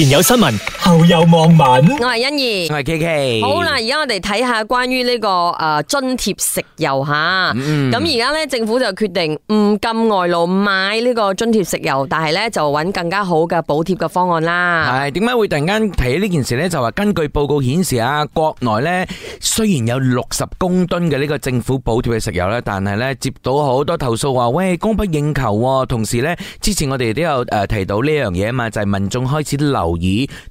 前有新聞，後有網民。我係欣怡、啊，我係 K K。好啦，而家我哋睇下關於呢個誒津貼食油吓。咁而家呢，政府就決定唔禁外勞買呢個津貼食油，但係呢，就揾更加好嘅補貼嘅方案啦。係點解會突然間提起呢件事呢？就話根據報告顯示啊，國內呢，雖然有六十公噸嘅呢個政府補貼嘅食油咧，但係呢，接到好多投訴話，喂，供不應求，啊。同時呢，之前我哋都有誒提到呢樣嘢啊嘛，就係、是、民眾開始流。導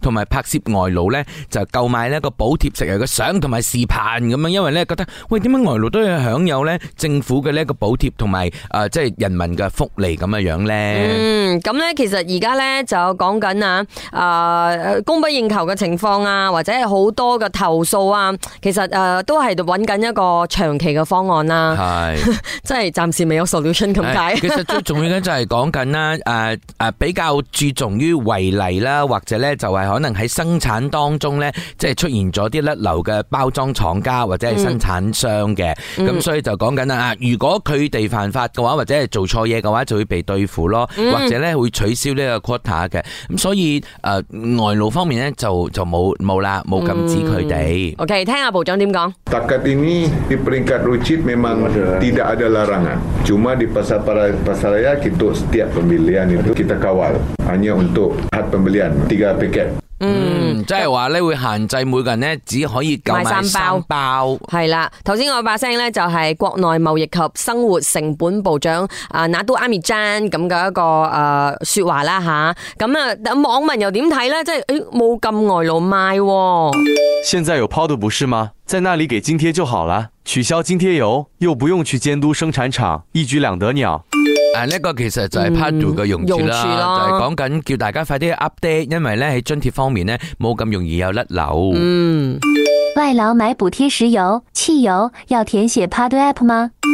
同埋拍攝外勞咧，就購買呢個補貼石油嘅相同埋視頻咁樣，因為咧覺得喂，點解外勞都要享有咧政府嘅呢個補貼同埋誒，即係人民嘅福利咁嘅樣咧？嗯，咁咧其實而家咧就講緊啊誒供不應求嘅情況啊，或者係好多嘅投訴啊，其實誒都係揾緊一個長期嘅方案啦。係，即係暫時未有 solution 咁解的。其實最重要嘅就係講緊啦，誒 誒、呃、比較注重於維例啦或者就咧就係可能喺生產當中咧，即係出現咗啲甩流嘅包裝廠家或者係生產商嘅，咁所以就講緊啦啊。如果佢哋犯法嘅話，或者係做錯嘢嘅話，就會被對付咯，或者咧會取消呢個 quota、so、嘅。咁、mm. 所以誒、呃、外路方面咧就就冇冇啦，冇禁止佢哋。Mm. OK，聽下部長點講。嗯，即係話咧會限制每個人咧只可以購買三包。係啦，頭先我把聲咧就係國內貿易及生活成本部長啊拿督阿米詹咁嘅一個誒說話啦吓。咁啊，咁、啊、網民又點睇咧？即係誒，冇咁外勞賣、啊。現在有拋的不是嗎？在那裏給津貼就好了，取消津貼油又不用去監督生產廠，一舉兩得鳥。嗱，呢個其實就係 Padu 嘅用處啦，就係講緊叫大家快啲 update，因為咧喺津貼方面咧冇咁容易有甩樓。嗯，外勞買補貼石油、汽油要填寫 Padu App 嗎？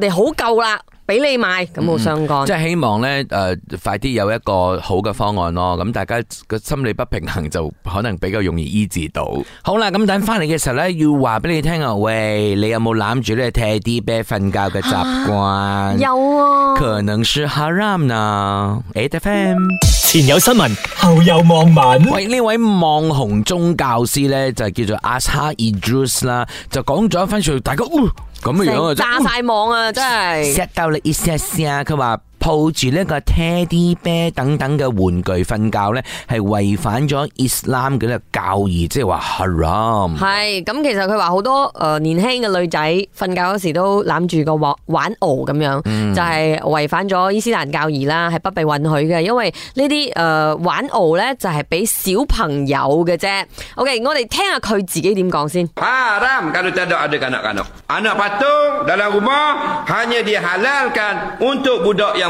我哋好夠啦，俾你買咁冇相干。即係希望咧，誒，快啲有一個好嘅方案咯。咁大家個心理不平衡就可能比較容易醫治到。好啦，咁等翻嚟嘅時候咧，要話俾你聽啊，喂，你有冇攬住咧踢啲咩瞓覺嘅習慣？有啊。可能是哈拉姆啊，ATFM 前有新聞，後有網民，喂呢位網紅宗教師咧就叫做阿哈伊杜斯啦，就講咗翻出嚟，大家。咁樣啊，炸晒網啊，哦、真係！到了一聲聲，佢話。抱住呢個 teddy bear 等等嘅玩具瞓覺咧，係違反咗伊斯蘭嘅教義，即係話 haram。係，咁，其實佢話好多誒年輕嘅女仔瞓覺嗰時都攬住個玩玩偶咁樣，就係違反咗伊斯蘭教義啦，係不被允許嘅。因為呢啲誒玩偶咧就係俾小朋友嘅啫。OK，我哋聽下佢自己點講先。阿 Ram，kalau tidak ada anak anak, anak patung dalam rumah hanya dihalalkan untuk budak yang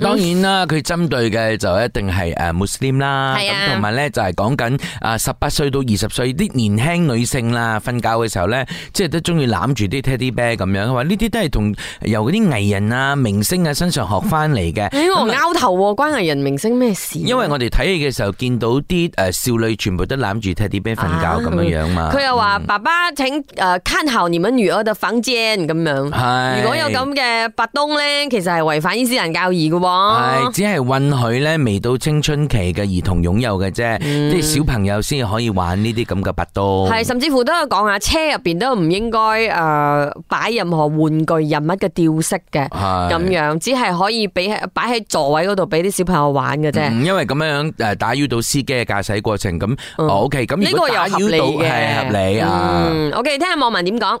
當然啦，佢針對嘅就一定係誒 Muslim 啦，咁同埋咧就係講緊啊十八歲到二十歲啲年輕女性啦，瞓覺嘅時候咧，即係都中意攬住啲 teddy bear 咁樣。話呢啲都係同由嗰啲藝人啊、明星啊身上學翻嚟嘅。我拗頭，關藝人明星咩事？因為我哋睇戲嘅時候見到啲誒少女全部都攬住 teddy bear 瞓覺咁樣樣嘛。佢又話爸爸，請誒看好你哋女兒的房間咁樣。係，如果有咁嘅白東咧，其實係違反伊斯蘭教義嘅。係只係允許咧未到青春期嘅兒童擁有嘅啫、嗯，即係小朋友先可以玩呢啲咁嘅拔刀。係甚至乎都有講啊，車入邊都唔應該誒擺任何玩具何、人物嘅吊飾嘅，咁樣只係可以俾擺喺座位嗰度俾啲小朋友玩嘅啫、嗯。因為咁樣誒打擾到司機嘅駕駛過程。咁、嗯、OK，咁呢個又合理嘅，係、嗯、合理啊、嗯。OK，聽下網民點講。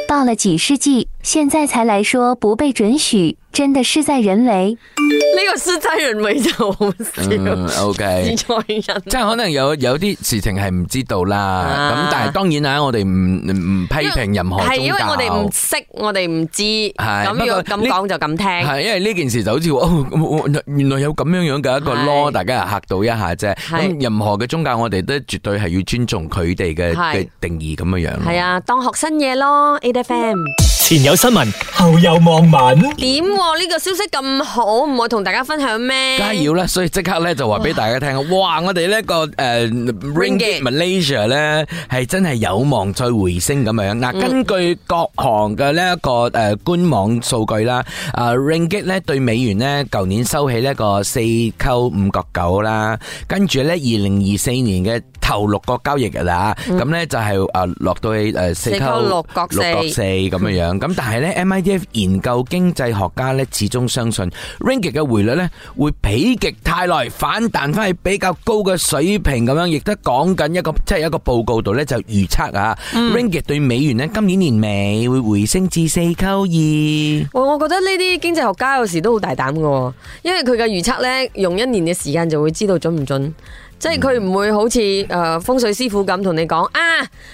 到了幾世紀，現在才來說不被准許，真的事在人為。呢個事在人為就嗯，okay， 即係可能有有啲事情係唔知道啦。咁、啊、但係當然啦、啊，我哋唔唔批評任何係，因為，因為我哋唔識，我哋唔知。係咁樣，咁講就咁聽，係因為呢件事就好似哦，原來有咁樣樣嘅一個咯，大家嚇到一下啫。咁任何嘅宗教，我哋都絕對係要尊重佢哋嘅定義咁樣樣。係啊，當學新嘢咯。前有新聞，後有網民。點？呢個消息咁好，唔會同大家分享咩？梗係要啦，所以即刻咧就話俾大家聽。哇！我哋呢一個誒，Ringgit Malaysia 咧係真係有望再回升咁樣。嗱，根據各行嘅呢一個誒官網數據啦，誒，Ringgit 咧對美元咧，舊年收起呢個四扣五角九啦，跟住咧二零二四年嘅。頭六個交易日噶啦，咁、嗯、咧就係、是、誒、啊、落到去誒四扣六角四咁樣樣，咁、嗯、但係咧 M I D F 研究經濟學家咧始終相信 ringgit 嘅匯率咧會疲極太耐反彈翻去比較高嘅水平咁樣，亦都講緊一個即係、就是、一個報告度咧就預測啊，ringgit 對美元咧今年年尾會回升至四扣二。我我覺得呢啲經濟學家有時都好大膽噶，因為佢嘅預測咧用一年嘅時間就會知道準唔準。即係佢唔會好似誒風水師傅咁同你講啊，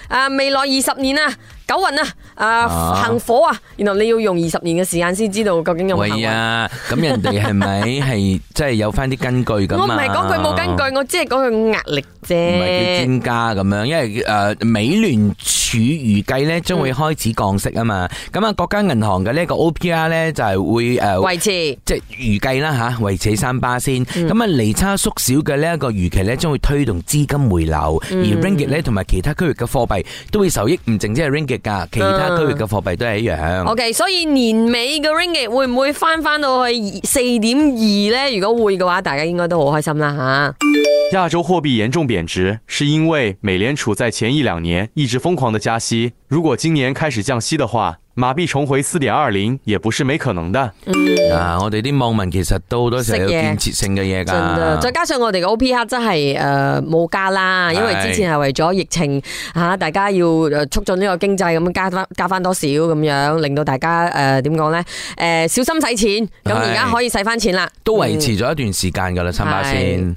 啊未來二十年啊。九運啊，誒、呃啊、行火啊，然後你要用二十年嘅時間先知道究竟有冇行啊？咁人哋係咪係即係有翻啲根據噶嘛？我唔係講佢冇根據，啊、我只係講佢壓力啫。唔係叫專家咁樣，因為誒、呃、美聯儲預計咧將會開始降息啊嘛。咁、嗯、啊，國家銀行嘅呢個 OPR 咧就係會誒維、呃、持，即係預計啦吓，維持三巴先。咁啊，利、嗯、差縮小嘅呢一個預期咧，將會推動資金回流，而 Ringgit 咧同埋其他區域嘅貨幣都會受益，唔淨止係 Ringgit 其他區域嘅貨幣都係一樣。嗯、o、okay, K，所以年尾嘅 Ringgit 會唔會翻翻到去四點二呢？如果會嘅話，大家應該都好開心啦吓。亞、啊、洲貨幣嚴重貶值，是因為美聯儲在前一兩年一直瘋狂的加息。如果今年開始降息嘅話，馬幣重回四點二零也不是沒可能的。嗯、啊！我哋啲網民其實都好多時有建設性嘅嘢噶，再加上我哋嘅 O P R 真係誒冇加啦，因為之前係為咗疫情吓，大家要誒促進呢個經濟咁加翻加翻多少咁樣，令到大家誒點講咧？誒、呃呃、小心使錢，咁而家可以使翻錢啦，都維持咗一段時間噶啦，三巴仙。嗯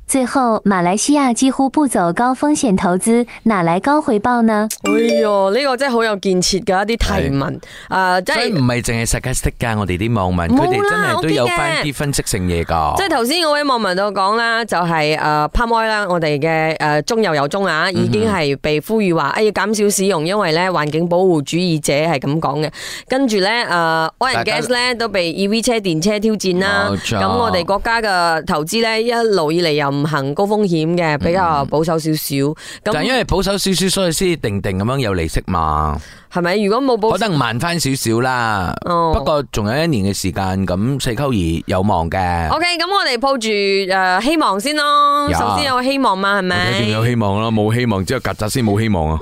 最後，馬來西亞幾乎不走高風險投資，哪來高回報呢？哎喲，呢、這個真係好有建設嘅一啲提問啊！即係唔係淨係 suggest 噶，呃呃、我哋啲網民佢哋真係都有翻啲分析性嘢噶、okay。即係頭先嗰位網民就講啦，就係、是、誒，拍開啦我哋嘅誒，中油油棕啊，已經係被呼籲話，哎要減少使用，因為咧環境保護主義者係咁講嘅。跟住咧，誒，oil gas 咧都被 E V 車電車挑戰啦。咁我哋國家嘅投資咧一路以嚟又。唔行高風險嘅，比較保守少少、嗯。就係、是、因為保守少少，所以先定定咁樣有利息嘛。係咪？如果冇保守，可能慢翻少少啦。不過仲有一年嘅時間，咁四溝兒有望嘅。O K，咁我哋抱住誒希望先咯。首先有希望嘛？係咪？一定有希望啦。冇希望只有，曱甴先冇希望啊。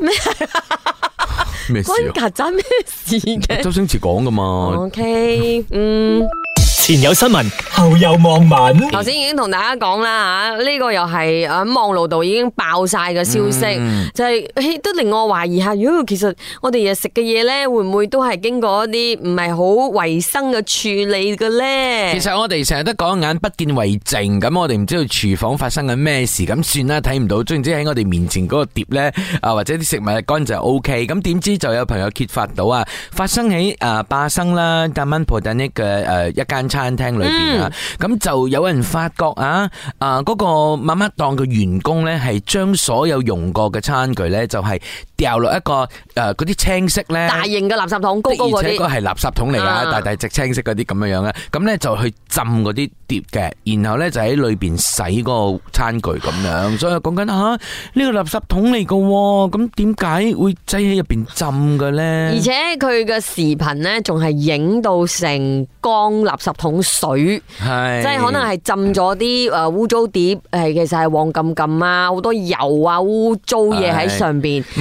咩 事啊？關曱甴咩事嘅？周星馳講噶嘛？OK，嗯。 前有新聞，後有網民。頭先已經同大家講啦，吓呢個又係喺網路度已經爆晒嘅消息，就係都令我懷疑下，喲，其實我哋日食嘅嘢咧，會唔會都係經過一啲唔係好衛生嘅處理嘅咧？其實我哋成日都講眼不見為淨，咁我哋唔知道廚房發生緊咩事，咁算啦，睇唔到，總之喺我哋面前嗰個碟咧，啊或者啲食物乾淨 OK，咁點知就有朋友揭發到啊，發生喺啊巴生啦、達蚊婆等呢嘅誒一間餐。餐廳裏邊啊，咁、嗯、就有人發覺啊，啊、那、嗰個媽媽檔嘅員工咧，係將所有用過嘅餐具咧，就係、是。掉落一個誒嗰啲青色咧，大型嘅垃圾桶，高高嗰啲，而且嗰係垃圾桶嚟噶，大大隻青色嗰啲咁樣樣咧，咁咧就去浸嗰啲碟嘅，然後咧就喺裏邊洗嗰個餐具咁樣， 所以講緊啊呢個垃圾桶嚟噶，咁點解會擠喺入邊浸嘅咧？而且佢嘅視頻咧仲係影到成缸垃圾桶水，即係可能係浸咗啲誒污糟碟，係其實係黃冚冚啊，好多油啊污糟嘢喺上邊。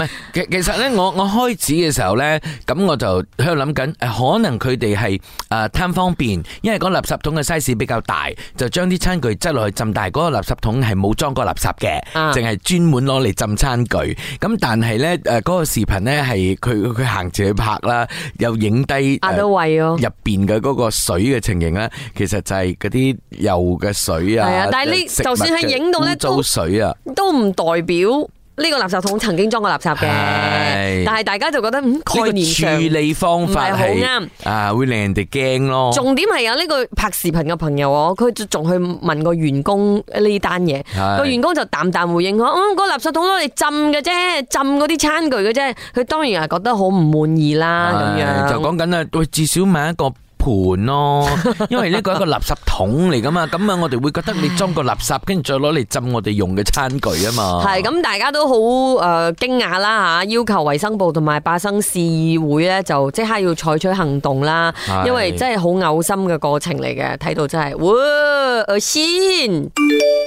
其實咧，我我開始嘅時候咧，咁我就喺度諗緊，誒，可能佢哋係誒貪方便，因為嗰個垃圾桶嘅 size 比較大，就將啲餐具擠落去浸大。但係嗰個垃圾桶係冇裝過垃圾嘅，淨係專門攞嚟浸餐具。咁但係咧，誒嗰個視頻咧係佢佢行住去拍啦，又影低入邊嘅嗰個水嘅情形咧，其實就係嗰啲油嘅水啊。但係你就算係影到咧，都水啊，都唔代表。呢、這個垃圾桶曾經裝過垃圾嘅，但係大家就覺得嗯，這個、概念上處理方法唔係好啱啊，會令人哋驚咯。重點係有呢個拍視頻嘅朋友，佢仲去問個員工呢單嘢，個員工就淡淡回應我：，嗯，個垃圾桶攞嚟浸嘅啫，浸嗰啲餐具嘅啫。佢當然係覺得好唔滿意啦，咁樣就講緊啦，佢至少問一個。盤咯，因為呢個係一個垃圾桶嚟噶嘛，咁 啊我哋會覺得你裝個垃圾，跟住再攞嚟浸我哋用嘅餐具啊嘛。係 咁，大家都好誒驚訝啦吓，要求衛生部同埋罷生市議會咧，就即刻要採取行動啦。因為真係好嘔心嘅過程嚟嘅，睇到真係，哇！先，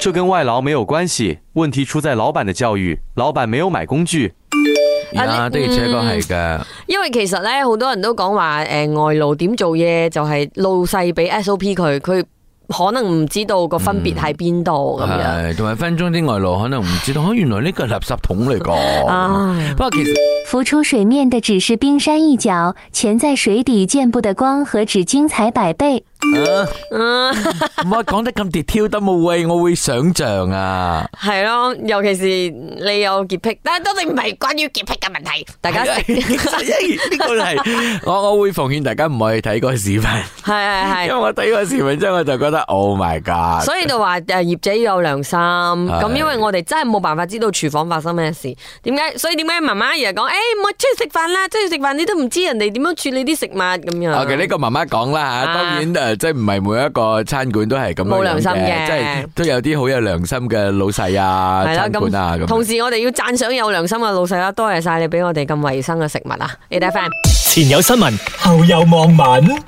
這跟外勞沒有關係，問題出在老闆的教育，老闆沒有買工具。係、yeah, 啊，都要 check 過係噶。因為其實咧，好多人都講話誒，外勞點做嘢就係老細俾 SOP 佢，佢可能唔知道個分別喺邊度咁樣。同、嗯、埋分裝啲外勞，可能唔知道 原來呢個係垃圾桶嚟㗎。唉、啊，不過其實浮出水面的只是冰山一角，潛在水底見不得光，何止精彩百倍。唔係講得咁跌跳得冇位，我會想象啊，係咯，尤其是你有潔癖，但係當你唔係關於潔癖嘅問題。大家呢個係我我會奉勸大家唔可以睇嗰個視頻。係係係，因為我睇嗰個視頻之後我就覺得 Oh my God！所以就話誒業者要有良心，咁因為我哋真係冇辦法知道廚房發生咩事，點解？所以點解媽媽而家講誒，唔好出去食飯啦，出去食飯你都唔知人哋點樣處理啲食物咁樣。OK，呢個媽媽講啦吓，當然就。即係唔係每一個餐館都係咁冇良心嘅，即係都有啲好有良心嘅老細啊，餐館啊。同時我哋要讚賞有良心嘅老細啊，多謝晒你俾我哋咁衛生嘅食物啊！ATM 前有新聞，後有網民。